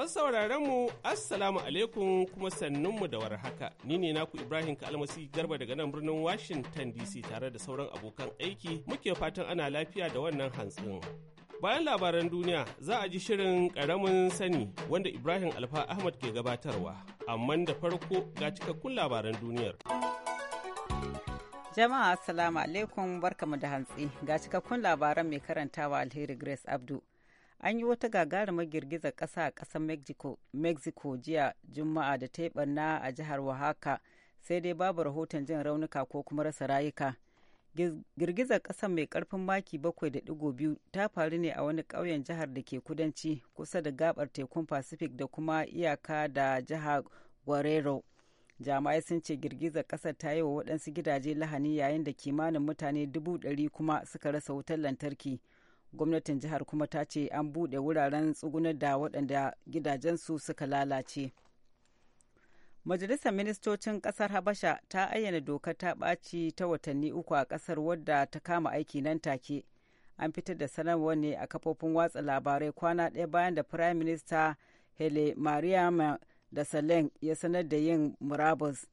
Masu sauraron mu Assalamu alaikum kuma sannun mu da warhaka. Ni ne naku Ibrahim Kalmasi Garba daga nan birnin Washington DC tare da sauran abokan aiki muke fatan ana lafiya da wannan hantsin. Bayan labaran duniya za a ji shirin karamin sani wanda Ibrahim Alfa Ahmad ke gabatarwa, amma da farko ga cikakkun labaran duniyar. Jama'a Assalamu alaikum barkamu da hantsi ga cikakkun labaran mai karantawa Alheri Grace Abdu. an yi wata gagarumar girgizar ƙasa a ƙasar mexico, mexico jiya juma'a da ta yi barna a jihar oaxaca sai dai babu rahoton jin raunuka ko kuma rasa rayuka girgizar ƙasar mai karfin maki 7.2 ta faru ne a wani ƙauyen jihar da ke kudanci kusa da gabar tekun pacific da kuma iyaka da jihar guerrero jami'ai sun ce girgizar ƙasar ta yi wa waɗansu gidaje lahani yayin da kimanin mutane dubu kuma suka rasa wutar lantarki gwamnatin jihar kuma ta ce an buɗe wuraren tsugunar da waɗanda gidajensu suka lalace majalisar ministocin ƙasar habasha ta ayyana doka ta ɓaci ta watanni uku a ƙasar wadda ta kama aiki nan take an fitar da sanarwar ne a kafofin watsa labarai kwana ɗaya bayan da firayim minista hele mariam da salen ya sanar da yin murabus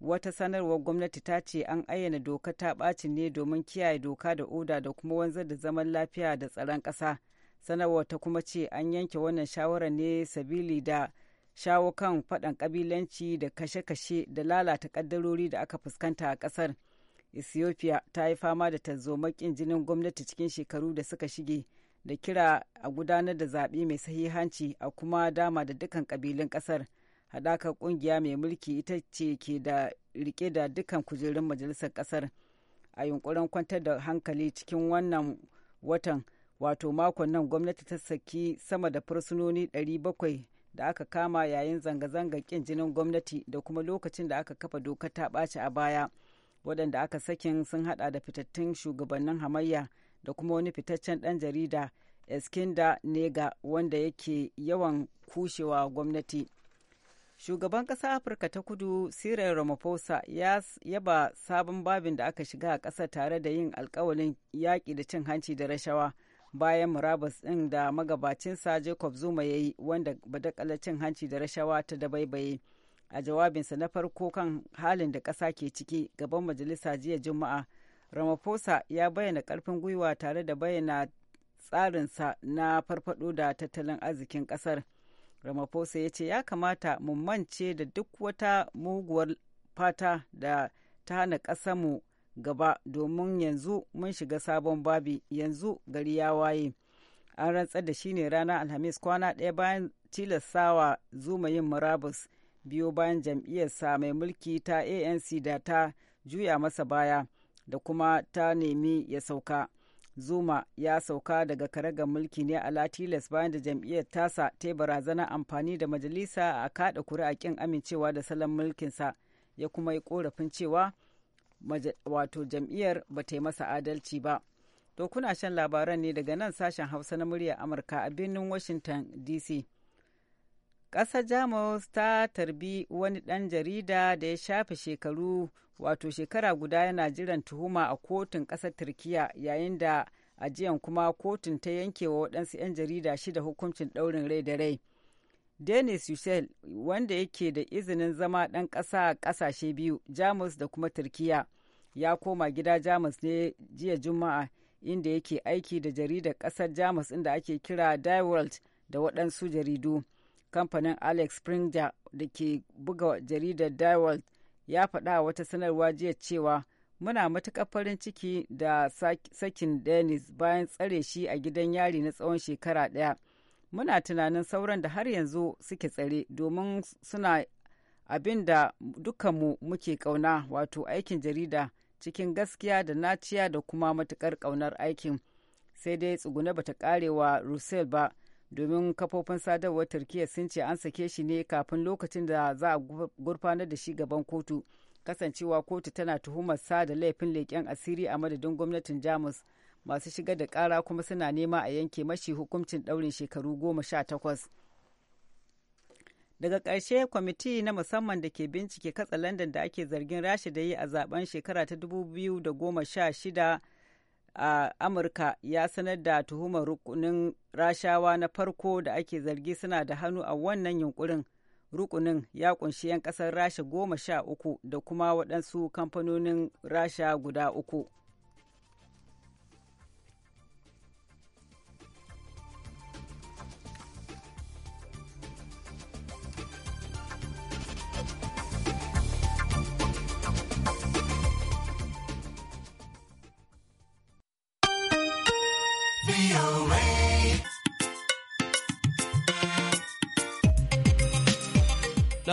wata sanarwar gwamnati ta ce an ayyana doka ta ɓaci ne domin kiyaye doka da oda da kuma wanzar da zaman lafiya da tsaron ƙasa sanarwar ta kuma ce an yanke wannan shawarar ne sabili da shawo kan faɗan ƙabilanci da kashe-kashe da lalata ƙaddarori da aka fuskanta a ƙasar ethiopia ta yi fama da tarzomakin jinin gwamnati cikin shekaru da suka shige da kira a gudanar da zaɓe mai sahihanci a kuma dama da dukkan ƙabilun ƙasar. hadakar ƙungiya mai mulki ita ce ke da rike da dukkan kujerun majalisar ƙasar a yunkurin kwantar da hankali cikin wannan watan wato makon nan gwamnati ta saki sama da fursunoni 700 da aka kama yayin zanga-zangar ƙin jinin gwamnati da kuma lokacin da aka kafa dokar ta ɓaci a baya waɗanda aka sakin sun haɗa da fitattun shugabannin hamayya da kuma wani fitaccen ɗan jarida eskinda nega wanda yake yawan kushewa gwamnati shugaban ƙasa afirka ta kudu cyril ramaphosa ya yaba sabon babin da aka shiga a ƙasa tare da yin alkawalin yaƙi da cin hanci da rashawa bayan murabus ɗin da magabacinsa jacob zuma ya yi wanda badakala cin hanci da rashawa ta dabaibaye a jawabinsa na farko kan halin da ƙasa ke ciki gaban majalisa jiya juma'a ramaphosa ya bayyana ƙarfin gwiwa tare da bayyana tsarinsa na farfado da tattalin arzikin ƙasar. ramaphosa ya ce ya kamata mu mance da duk wata muguwar fata da ta hana mu gaba domin yanzu mun shiga sabon babi yanzu gari ya waye an rantsar da shi ne ranar alhamis kwana ɗaya bayan tilastawa zuma yin murabus biyo bayan jam'iyyarsa mai mulki ta anc da ta juya masa baya da kuma ta nemi ya sauka zuma ya sauka daga karagar mulki ne a latilas bayan da jam'iyyar tasa ta yi barazana amfani da majalisa a kada kuri'a kin amincewa da salon mulkinsa ya kuma yi korafin cewa wato jam'iyyar ba ta yi masa adalci ba to kuna shan labaran ne daga nan sashen hausa na murya amurka a birnin washington dc ƙasar jamus ta tarbi wani ɗan jarida da ya shafe shekaru wato shekara guda yana jiran tuhuma a kotun ƙasar turkiya yayin da ajiyan kuma kotun ta yankewa waɗansu 'yan jarida shida hukuncin ɗaurin rai da rai denis yushel wanda yake da izinin zama ɗan ƙasa a ƙasashe biyu jamus da kuma turkiya ya koma gida jamus ne jiya juma'a inda yake aiki da jaridar ƙasar jamus inda ake kira die world da waɗansu jaridu kamfanin alex springer da ke buga jaridar daiwald ya faɗa a wata sanarwa jiya cewa muna matuƙar farin ciki da sakin dennis bayan tsare shi a gidan yari na tsawon shekara ɗaya muna tunanin sauran da har yanzu suke tsare domin suna abin da dukkanmu muke ƙauna wato aikin jarida cikin gaskiya da naciya da kuma matuƙar ƙaunar aikin sai dai tsugune bata ƙarewa russell ba domin kafofin sadarwar turkiya sun ce an sake shi ne kafin lokacin da za a gurfanar da shi gaban kotu kasancewa kotu tana tuhumar sa da laifin leƙen asiri a madadin gwamnatin jamus masu shigar da ƙara kuma suna nema a yanke mashi hukuncin ɗaurin shekaru goma sha takwas daga ƙarshe kwamiti na musamman da ke bincike katsa london da ake zargin rasha da yi a zaben shekara ta 2016 a amurka ya sanar da tuhumar rukunin rashawa na farko da ake zargi suna da hannu a wannan yunkurin rukunin ya kunshi 'yan kasar rasha goma sha uku da kuma waɗansu kamfanonin rasha guda uku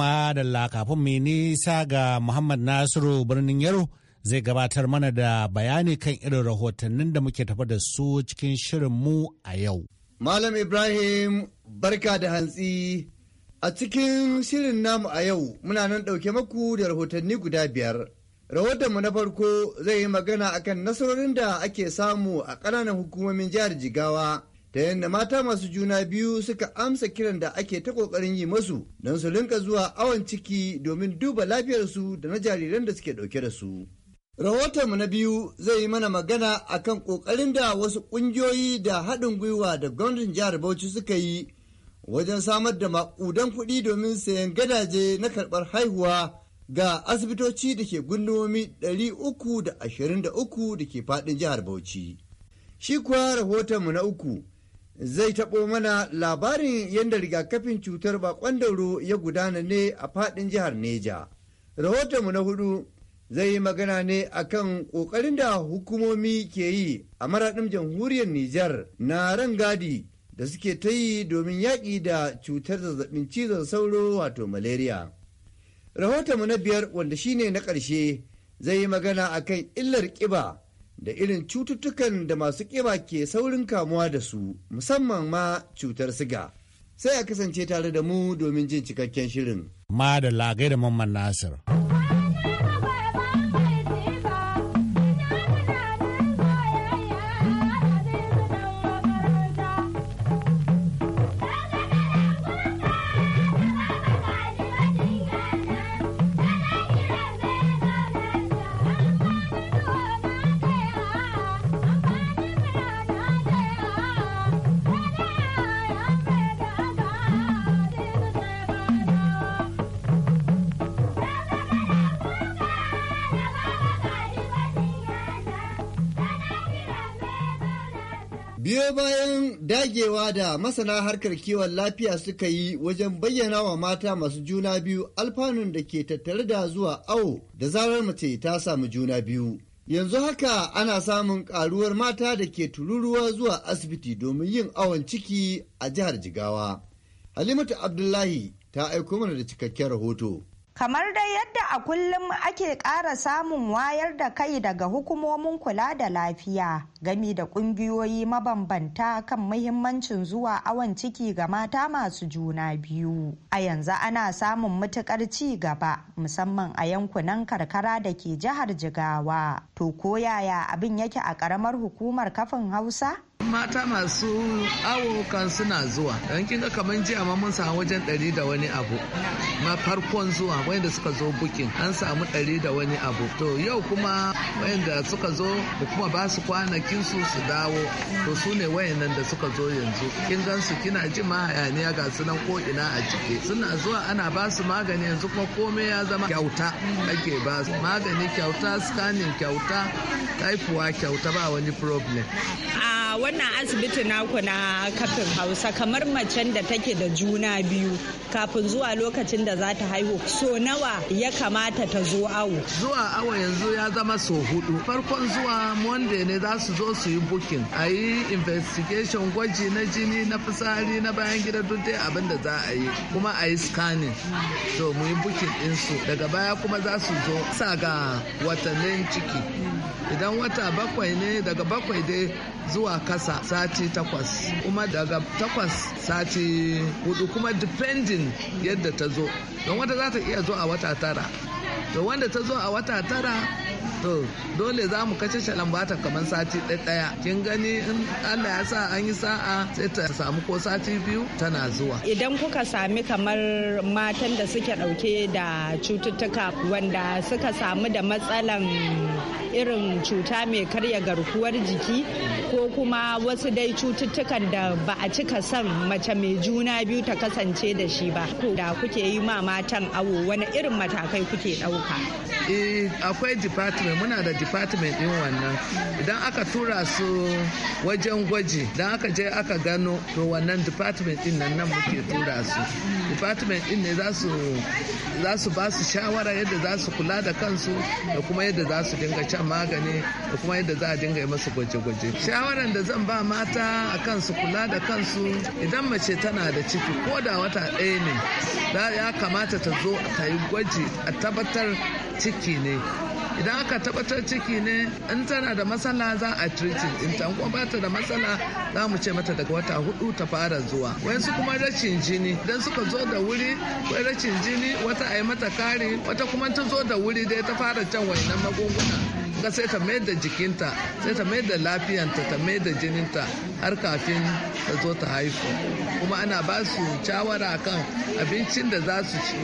ma da kafin mai nisa ga Muhammad Nasiru birnin Yaro zai gabatar mana da bayani kan irin rahotannin da muke tafa da su cikin shirinmu a yau. Malam Ibrahim barka da hantsi a cikin shirin namu a yau muna nan ɗauke maku da rahotanni guda biyar. Rahotonmu na farko zai yi magana akan nasarorin da ake samu a ƙananan hukumomin jihar Jigawa ta yadda mata masu juna biyu suka amsa kiran da ake ta kokarin yi masu don su linka zuwa awon ciki domin duba lafiyarsu da na jariran da suke ɗauke da su. Rahotonmu na biyu zai yi mana magana akan kokarin da wasu ƙungiyoyi da haɗin gwiwa da gwamnatin jihar Bauchi suka yi wajen samar da maƙudan kuɗi domin sayan gadaje na karɓar haihuwa ga asibitoci da ke gundumomi 323 da ke faɗin jihar Bauchi. Shi kuwa rahotonmu na uku zai taɓo mana labarin yadda rigakafin cutar bakon dauro ya gudana ne a faɗin jihar Neja. Rahotonmu na hudu zai yi magana ne akan ƙoƙarin da hukumomi ke yi a maraɗin jamhuriyar Nijar na rangadi da suke ta yi domin yaƙi da cutar zazzabin cizon sauro wato malaria. Rahotonmu na biyar wanda shine na ƙarshe zai yi magana akan illar ƙiba da irin cututtukan da masu ƙiba ke saurin kamuwa da su musamman ma cutar siga. Sai a kasance tare da mu domin jin cikakken shirin. Ma da lagai da Mamman Nasir. bayan dagewa da masana harkar kiwon lafiya suka yi wajen bayyana wa mata masu juna biyu alfanun da ke tattare da zuwa awo da zarar mace ta samu juna biyu. Yanzu haka ana samun karuwar mata da ke tururuwa zuwa asibiti domin yin awon ciki a jihar Jigawa. Halimatu Abdullahi ta aiko mana da cikakken rahoto. Kamar dai yadda a kullum ake ƙara samun wayar da kai daga hukumomin kula da lafiya gami da ƙungiyoyi mabambanta kan muhimmancin zuwa awon ciki ga mata masu juna biyu. A yanzu ana samun matuƙar ci gaba musamman a yankunan karkara da ke jihar Jigawa. To koyaya abin yake a ƙaramar hukumar kafin Hausa? mata masu awo kan suna zuwa dan kinga kamar jiya ma mun samu wajen ɗari da wani abu na farkon zuwa wanda suka zo bukin an samu ɗari da wani abu to yau kuma wanda suka zo kuma ba su kwanakin su su dawo to su ne wayannan da suka zo yanzu kin gan su kina ji ma hayaniya ga su nan ko ina a cike suna zuwa ana ba su magani yanzu kuma komai ya zama kyauta ake ba su magani kyauta scanning kyauta taifuwa kyauta ba wani problem wannan asibiti naku na kafin hausa kamar macen da take da juna biyu kafin zuwa lokacin da za ta haihu so nawa ya kamata ta zo awo zuwa awo yanzu ya zama so hudu farkon zuwa monday ne za su zo su yi bukin a yi investigation gwaji na jini na fisari na bayan gida duk dai abin da za a yi kuma a yi scanning to mu bukin ɗinsu daga baya kuma za su zo sa ga watannin ciki idan wata bakwai ne daga bakwai dai zuwa kasa sati takwas kuma daga takwas sati hudu kuma depending yadda ta zo don wata za ta iya zo a wata tara to wanda ta zo a wata tara to dole za mu kace shalambata kamar sati ɗaya kin gani in Allah ya sa an yi sa'a sai ta samu ko sati biyu tana zuwa idan kuka sami kamar matan da suke ɗauke da cututtuka wanda suka samu da matsalan irin cuta mai karya garkuwar jiki ko kuma wasu dai cututtukan da ba a cika son mace mai juna biyu ta kasance da shi ba da kuke yi ma matan awo wani irin matakai kuke ɗauka ɗauka eh, akwai department muna da department ɗin wannan idan aka tura su wajen gwaji idan aka je aka gano to wannan department ɗin nan muke tura su department din ne za su ba su shawara yadda za su kula da kansu da kuma yadda za su dinga shan magani da kuma yadda za a dinga yi masu gwaje-gwaje shawaran da zan ba mata a su kula da kansu idan mace tana da ciki ko da wata ɗaya ne ya kamata ta zo ta yi gwaji a tabbatar ciki ne idan aka tabbatar ciki ne in tana da matsala za a treating in ta kuma bata da matsala za mu ce mata daga wata hudu ta fara zuwa wayansu kuma rashin jini idan suka zo da wuri wai rashin jini wata a yi mata kari wata kuma ta zo da wuri dai ta fara can wayannan magunguna ga sai ta mai da jikinta sai ta mai da lafiyanta ta mai da jininta har kafin ta zo ta haihu kuma ana ba su shawara kan abincin da za su ci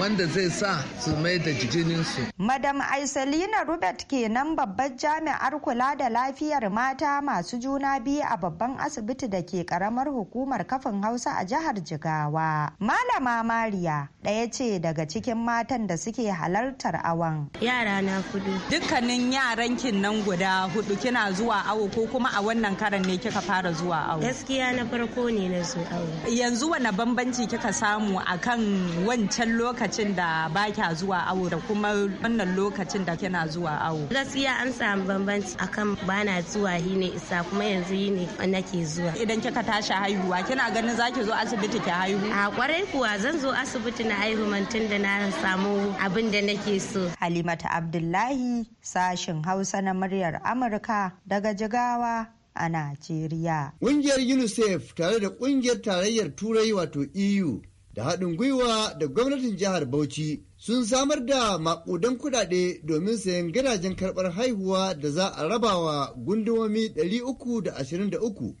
wanda zai sa su mai da jijininsu. madam aisalina rubert kenan babbar jami'ar kula da lafiyar mata masu juna biyu a babban asibiti da ke karamar hukumar kafin hausa a jihar jigawa malama mariya ɗaya ce daga cikin matan da suke halartar awon yara na kudu dukkanin yaran nan guda hudu kina zuwa awo ko kuma a wannan karan ne kika fara zuwa awo gaskiya gida na farko ne na zo aure yanzu wani bambanci kika samu a kan wancan lokacin da ba kya zuwa awo da kuma wannan lokacin da kina zuwa awo gaskiya an samu bambanci a akan bana zuwa hi ne isa kuma yanzu hi ne nake zuwa idan kika tashi haihuwa kina ganin za ki zo asibiti ki haihu a kwarai kuwa zan zo asibiti na haihu tun da na samu abin da nake so halimata abdullahi sashin hausa na muryar amurka daga jigawa a Najeriya. Ƙungiyar UNICEF tare da ƙungiyar tarayyar Turai wato EU da haɗin gwiwa da gwamnatin jihar Bauchi sun samar da maƙudan kuɗaɗe domin sayan gadajen karɓar haihuwa da za a rabawa gundumomi 323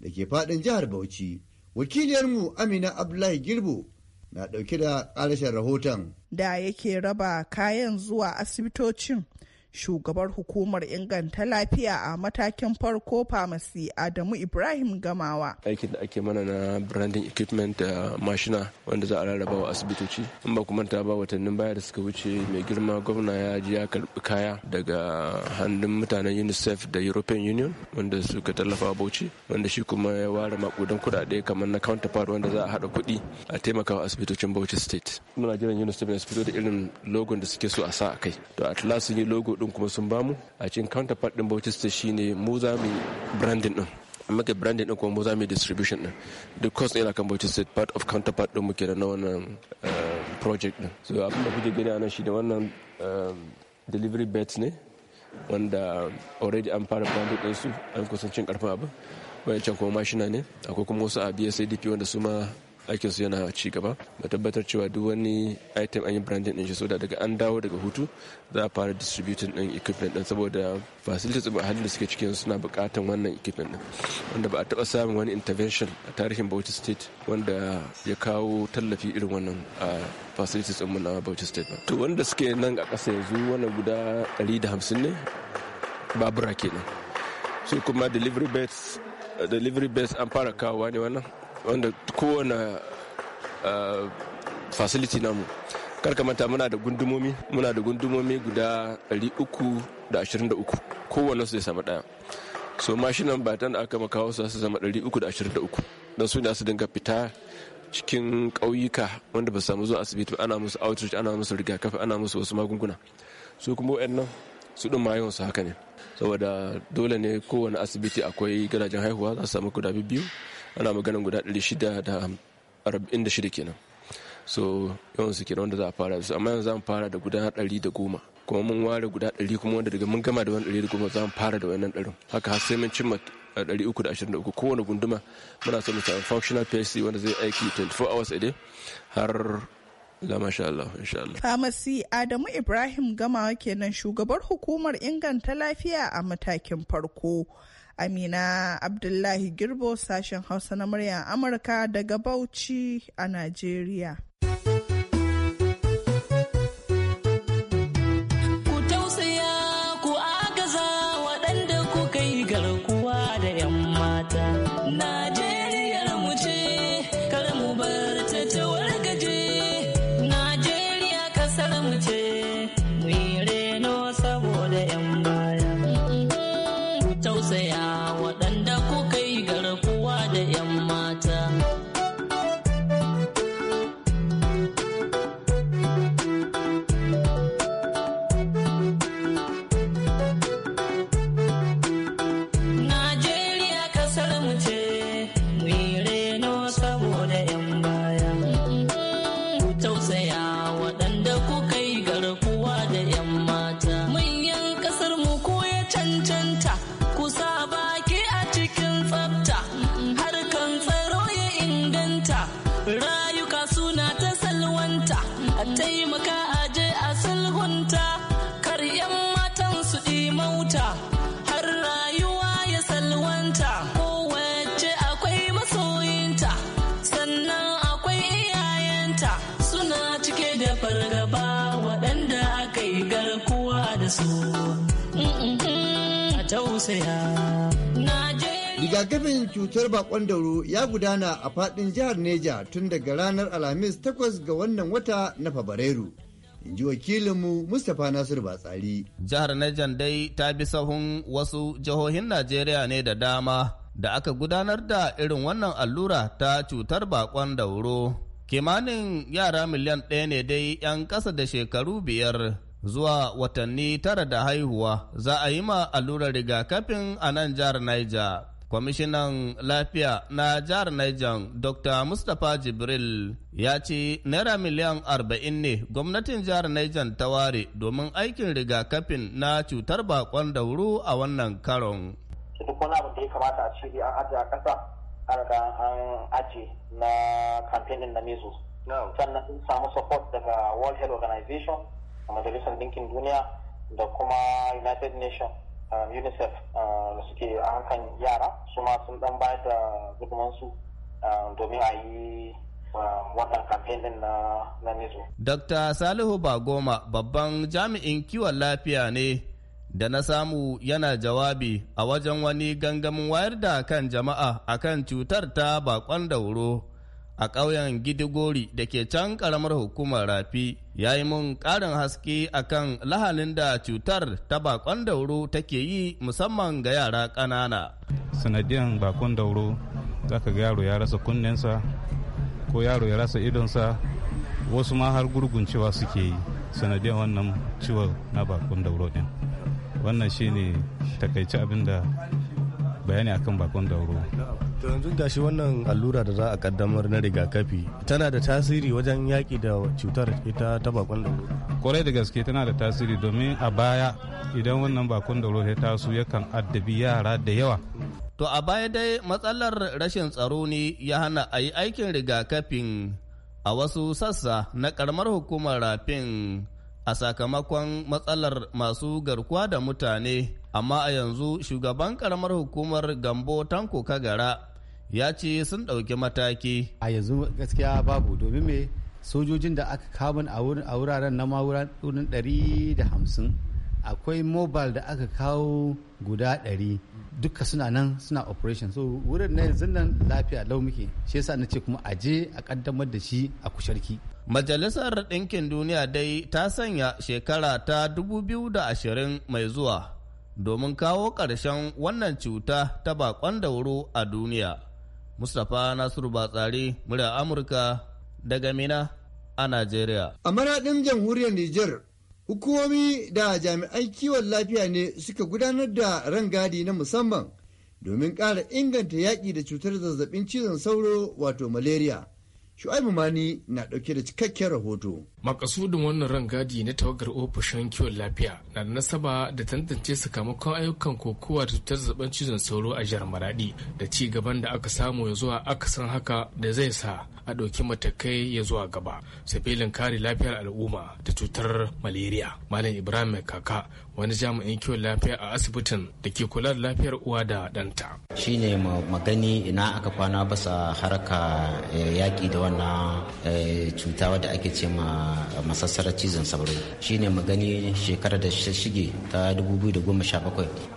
da ke faɗin jihar Bauchi. Wakiliyarmu Amina Abdullahi Girbo na ɗauke da ƙarashin rahoton. Da yake raba kayan zuwa asibitocin shugabar hukumar inganta lafiya a matakin farko famasi adamu ibrahim gamawa aikin da ake mana na branding equipment da mashina wanda za a rarraba wa asibitoci in ba kuma ta ba watannin baya da suka wuce mai girma gwamna ya ji ya karbi kaya daga hannun mutanen unicef da european union wanda suka tallafa bauchi wanda shi kuma ya ware makudan kudade kamar na counterpart wanda za a hada kuɗi a taimaka wa asibitocin bauchi state muna jiran unicef na su fito da irin logon da suke so a sa a kai to at last sun yi logo ɗin kuma sun bamu a cikin counterpart ɗin bauchi state shine mu za mu branding ɗin muka branding din kuma mu za mu distribution din the cost yana kan bautista part of counterpart din muke da na wannan eh, project din so abin da kuke gani anan shi da wannan eh, delivery bets ne wanda already an fara branding din su an kusancin karfin abin bayan can kuma mashina ne akwai kuma wasu a bsadp wanda su ma aikinsu yana ci gaba da tabbatar cewa duk wani item an yi branding din shi so da daga an dawo daga hutu za a fara distributing din equipment din saboda facilities a halin da suke cikin suna bukatan wannan equipment din wanda ba a taba samun wani intervention a tarihin Bauchi State wanda ya kawo tallafi irin wannan a facilities din na Bauchi State ba to wanda suke nan a ƙasa yanzu wannan guda 150 ne babura kenan su kuma delivery beds delivery beds an fara kawo ne wannan wanda kowane ah, facility namu mata muna da gundumomi muna da gundumomi guda 323 kowane su zai samu daya so mashinan ba da aka makawo su su zama 323 don su ne su dinga fita cikin ƙauyuka wanda ba su samu zuwa asibiti ana musu outreach ana musu rigakafi ana musu wasu magunguna su kuma nan. su ɗin mayon su haka ne saboda dole ne kowane asibiti akwai gadajen haihuwa za su samu guda biyu ana maganin guda 646 kenan so yawan su kenan wanda za a fara da su amma yanzu za mu fara da guda 110 kuma mun ware guda 100 kuma wanda daga mun gama da wani 110 za mu fara da wannan ɗarin haka har sai mun cimma 323 eh, kowane gunduma muna so mu samu functional psc wanda zai aiki 24 hours a day har la masha Allah insha Allah Famasi Adamu Ibrahim Gamawa kenan shugabar hukumar inganta lafiya a matakin farko Amina Abdullahi Girbo sashen Hausa na muryar Amurka daga Bauchi a Najeriya. tsaya. Rigakafin cutar bakon dauro ya gudana a fadin jihar Neja tun daga ranar Alhamis takwas ga wannan wata na Fabrairu. in ji wakilinmu Mustapha Nasir Batsari. Jihar neja dai ta bi sahun wasu jihohin Najeriya ne da dama da aka gudanar da irin wannan allura ta cutar bakon dauro. Kimanin yara miliyan ɗaya ne dai 'yan ƙasa da shekaru biyar zuwa watanni tara da haihuwa za a yi ma allurar rigakafin a nan jihar Niger. Kwamishinan lafiya na jihar Niger Dr. Mustapha Jibril ya ce naira miliyan arba'in ne gwamnatin jihar Niger ta ware domin aikin rigakafin na cutar bakon da dauro a wannan karon. Duk wani abu da ya kamata a ce an ajiye a ƙasa an riga an ajiye na kamfanin na measles. Sannan sun samu support daga World Health Organization a majalisar dinkin duniya da kuma united nations unicef da suke a hankan yara su ma sun dan bayar da su domin a yi wannan kamfanin na na Dr. Salihu Bagoma babban jami'in kiwon lafiya ne da na samu yana jawabi a wajen wani gangamin wayar da kan jama'a akan cutar ta bakon dauro a ƙauyen Gidigori da ke can ƙaramar hukumar Rafi ya yi mun ƙarin haske a kan lahalin da cutar ta bakon dauro take yi musamman ga yara ƙanana. Sanadiyan bakon dauro za ka ga yaro ya rasa kunninsa ko yaro ya rasa idonsa wasu ma har gurguncewa suke yi sanadiyan wannan ciwon na bakon dauro ɗin. Wannan shine takaici abin da bayani akan bakon dauro. To yanzu gashi wannan allura da za a kaddamar na rigakafi tana da tasiri wajen yaƙi da cutar ita ta bakon dauro. Kwarai da gaske tana da tasiri domin a baya idan wannan bakon dauro ya taso yakan addabi yara da yawa. To a baya dai matsalar rashin tsaro ne ya hana a yi aikin rigakafin a wasu sassa na karamar hukumar rafin a sakamakon matsalar masu garkuwa da mutane amma a yanzu shugaban karamar hukumar gambo tanko kagara ya ce sun ɗauki mataki. A yanzu gaskiya babu domin me sojojin da aka kamun a wuraren na wurin ɗari da hamsin akwai mobile da aka kawo guda ɗari duka suna nan suna operation so wurin na yanzu nan lafiya lau muke shi yasa na ce kuma a je a kaddamar da shi a kusharki. Majalisar Ɗinkin Duniya dai ta sanya shekara ta 2020 mai zuwa domin kawo ƙarshen wannan cuta ta bakon dauro a duniya. Mustapha Nasiru Batsari, murya Amurka daga Mina a Najeriya. A maraɗin jamhuriyar Nijar, hukumomi da jami'ai kiwon lafiya ne suka gudanar da ran gadi na musamman domin ƙara inganta yaƙi da cutar zazzabin cizon sauro wato malaria. Shu'aibu Mani na ɗauke da cikakken rahoto. Makasudin wannan rangadi na tawagar ofishin kiwon lafiya na da nasaba da tantance sakamakon ayyukan kokowa da cutar zaben cizon sauro a jihar Maradi da ci gaban da aka samu ya zuwa akasin haka da zai sa a ɗauki matakai ya zuwa gaba. Sabilin kare lafiyar al'umma da cutar malaria. Malam Ibrahim Kaka wani jami'in kiwon lafiya a asibitin da ke kula da lafiyar uwa da ɗanta. ne magani ina aka kwana basa haraka eh, yaƙi da wannan eh, cuta wadda ake ce ma masassarar cizon sauro ne magani shekarar da shige ta 2017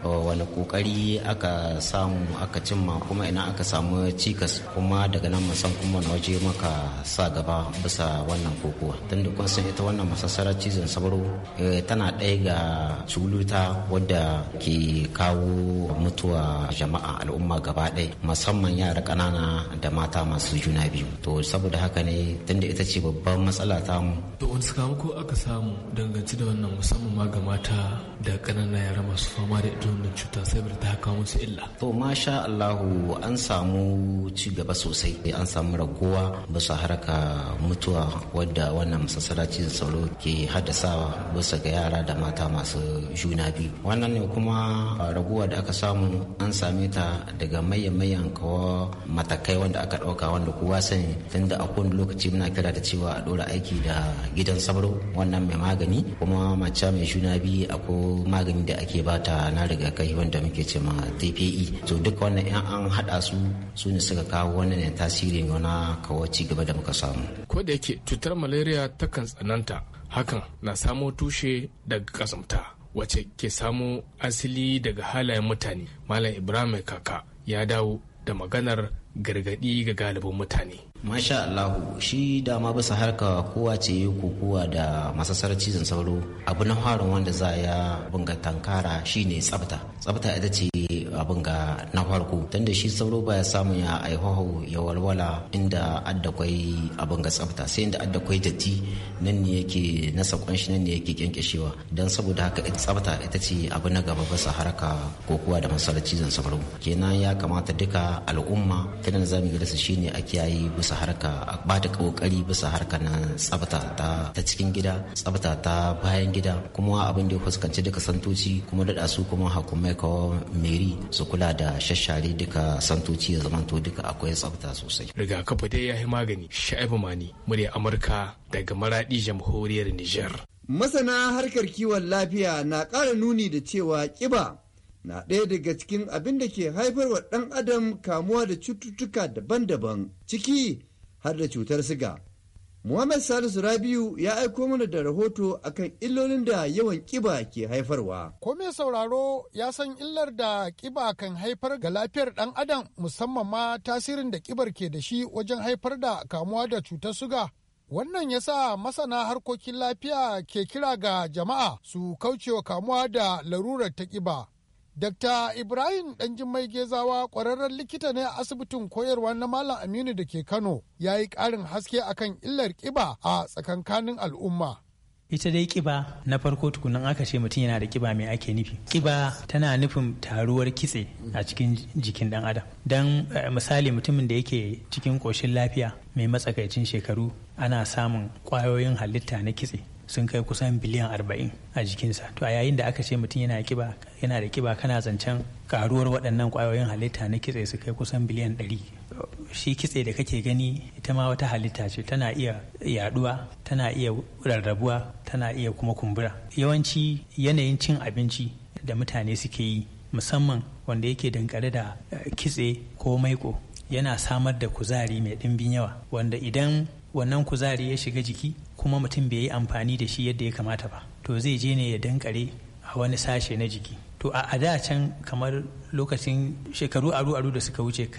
wani kokari aka samu aka cimma kuma ina aka samu cikas kuma daga nan san kuma na waje maka sa gaba bisa wannan kokowa tunda kun san ita wannan masassarar cizon sauro eh, tana ɗaya ga culuta wadda ke kawo mutuwa jama'a al'umma gaba ɗaya musamman yara ƙanana da mata masu juna biyu to saboda haka ne tunda ita ce babban matsala ta mu to wani sakamako aka samu dangance da wannan musamman ma ga mata da ƙananan yara masu fama da ita wannan cuta saboda ta kawo musu illa to masha Allahu an samu ci gaba sosai an samu raguwa bisa haraka mutuwa wadda wannan masassara cizon sauro ke haddasawa bisa ga yara da mata masu juna biyu wannan ne kuma raguwa da aka samu an same ta daga mayan-mayan kawo matakai wanda aka ɗauka wanda kowa sani tunda a kowane lokaci muna kira da cewa a ɗora aiki da gidan sabro wannan mai magani kuma mace mai juna biyu akwai magani da ake bata na kai wanda muke ce ma tpe to duka wannan yan an haɗa su su ne suka kawo wannan ne tasiri na kawo ci gaba da muka samu ko da yake cutar malaria takan tsananta hakan na samo tushe daga kasamta wace ke samo asali daga halayen mutane malam ibrahim kaka ya dawo da maganar gargadi ga galibin mutane Masha Allahu shi dama bisa harka kowa ce kukuwa da masasar cizon sauro abu na harin wanda za ya bunga tankara shine tsafta tsafta ita ce abin ga na farko tunda shi sauro baya samu ya aihahu ya walwala inda addakwai abin ga tsafta sai inda addakwai datti nan ne yake nasa kwanshi nan ne yake kyankyashewa don saboda haka tsafta ita ce abu na gaba bisa harka kokowa da masasar cizon sauro kenan ya kamata duka al'umma kiran zamu gida su shine a kiyaye bisa harka a da kokari bisa harka na tsabta ta cikin gida tsabta ta bayan gida kuma abin da ya fuskanci duka santoci kuma da su kuma hakumai kawo meri su kula da shashare duka santoci ya zamanto duka akwai tsabta sosai rigakafi dai ya yi magani sha'ibu mani murya amurka daga maradi jamhuriyar niger masana harkar kiwon lafiya na ƙara nuni da cewa kiba na ɗaya daga cikin abin da ke haifar wa ɗan adam kamuwa da cututtuka daban-daban ciki har da cutar siga. Muhammad Salisu Rabiu ya aiko mana da rahoto akan illolin da yawan kiba ke haifarwa. Ko mai sauraro ya san illar da kiba kan haifar ga lafiyar ɗan adam musamman ma tasirin da kibar ke da shi wajen haifar da kamuwa da cutar suga. Wannan ya sa masana harkokin lafiya ke kira ga jama'a su kaucewa kamuwa da larurar ta kiba. Dr. Ibrahim Mai Gezawa ƙwararren likita ne a asibitin koyarwa na Malam Aminu da ke Kano ya yi ƙarin haske akan illar ƙiba a tsakankanin al'umma. ita dai ƙiba na farko tukunan aka ce mutum yana da kiba mai ake nufi Ƙiba tana nufin taruwar kitse a cikin jikin dan adam don eh, misali mutumin da yake cikin koshin lafiya mai matsakaicin shekaru ana samun ƙwayoyin halitta na kitse sun kai kusan biliyan arba'in a jikinsa to a yayin da aka ce mutum yana yana da kiba kana zancen karuwar waɗannan kwayoyin halitta na kitse su kai kusan biliyan ɗari shi kitse da kake gani ita ma wata halitta ce tana iya yaduwa tana iya rarrabuwa tana iya kuma kumbura yawanci yanayin cin abinci da mutane suke yi musamman wanda yake dankare da eh, kitse ko maiko yana samar da kuzari mai ɗimbin yawa wanda idan wannan kuzari ya shiga jiki kuma mutum bai yi amfani da shi yadda ya kamata ba to zai je ne ya dankare a wani sashe na jiki to a da can kamar lokacin shekaru aru aru da suka wuce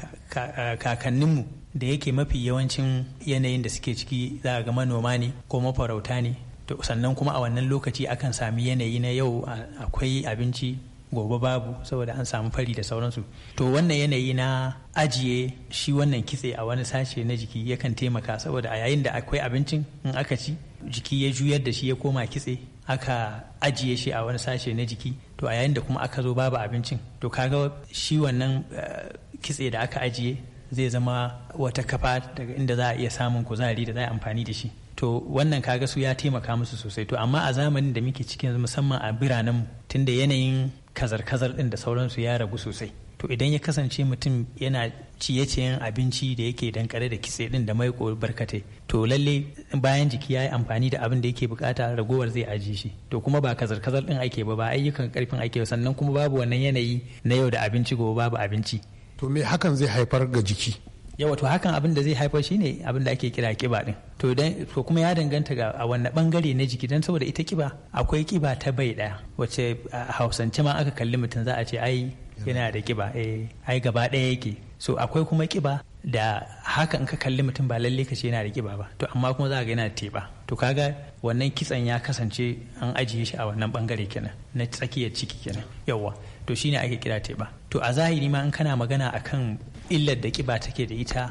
kakanninmu da yake mafi yawancin yanayin da suke ciki za ga manoma ne ko mafarauta ne sannan kuma a wannan lokaci akan sami yanayi na yau akwai abinci gobe babu saboda an samu fari da sauransu to mm. wannan yanayi na ajiye shi wannan kitse a wani sashe na jiki yakan taimaka saboda a yayin da akwai abincin in aka ci jiki ya juyar da shi ya koma kitse aka ajiye shi a wani sashe na jiki to a yayin da kuma aka zo babu abincin to kaga shi wannan eh, kitse da aka ajiye zai zama wata kafa daga inda za a iya samun kuzari da za a amfani da shi to wannan kaga su ya taimaka musu sosai to amma a zamanin da muke cikin musamman a biranenmu tunda yanayin kazar-kazar ɗin da sauransu ya ragu sosai to idan ya kasance mutum yana ciye-ciyen abinci da yake dankare da kitse din da mai barkatai to lalle bayan jiki ya yi amfani da abin da yake bukata ragowar zai ajiye shi to kuma ba kazar-kazar din ake ba ba ayyukan karfin ake ba sannan kuma babu wannan yanayi na yau da abinci gobe babu abinci to me hakan zai haifar ga jiki yawa to hakan abin da zai haifar shine abin da ake kira kiba din to dan to kuma ya danganta ga a wanne bangare na jiki dan saboda ita kiba akwai kiba ta bai daya wace a hausance ma aka kalli mutum za a ce ai yana da kiba eh ai gaba daya yake so akwai kuma kiba da haka in ka kalli mutum ba lalle ka ce yana da kiba ba to amma kuma za ga yana teba to kaga wannan kitsan ya kasance an ajiye shi a wannan bangare kenan na tsakiyar ciki kenan yawa to shine ake kira teɓa to a zahiri ma in kana magana a kan illar da kiba take da ita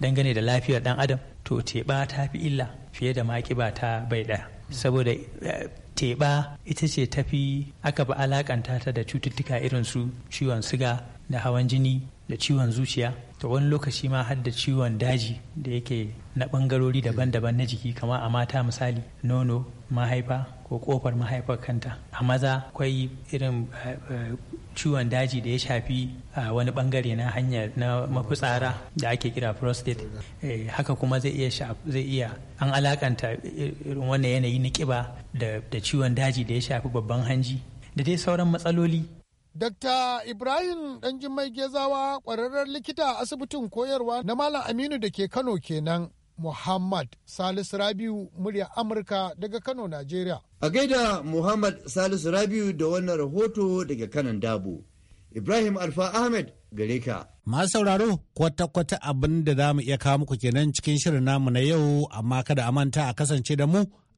dangane da lafiyar ɗan adam to teɓa ta fi illa fiye da ma kiba ta bai ɗaya saboda eh, teɓa ita ce tafi aka ba alakanta ta da cututtuka irin su ciwon siga da hawan jini da ciwon zuciya ta wani lokaci ma har da ciwon daji da yake na bangarori daban-daban na jiki kama a mata misali nono mahaifa ko kofar mahaifar kanta a maza akwai irin eh, eh, ciwon daji da ya shafi a wani bangare na hanya na mafitsara da ake kira prostate eh, haka kuma zai iya zai iya an alakanta irin wannan yanayi na kiba da ciwon daji da ya shafi babban hanji da dai sauran matsaloli Dr. Ibrahim Danjimai Gezawa ƙwararren likita a asibitin koyarwa na Malam Aminu da ke Kano kenan. Muhammad Salisu Rabiu murya Amurka daga Kano, Najeriya. A gaida Muhammad Salisu Rabiu da wannan rahoto daga kanan dabu, Ibrahim Alfa Ahmed gare ka. Masu sauraro kwata-kwata abin da za mu iya kawo muku kenan cikin shirin namu na yau amma kada a manta a kasance da mu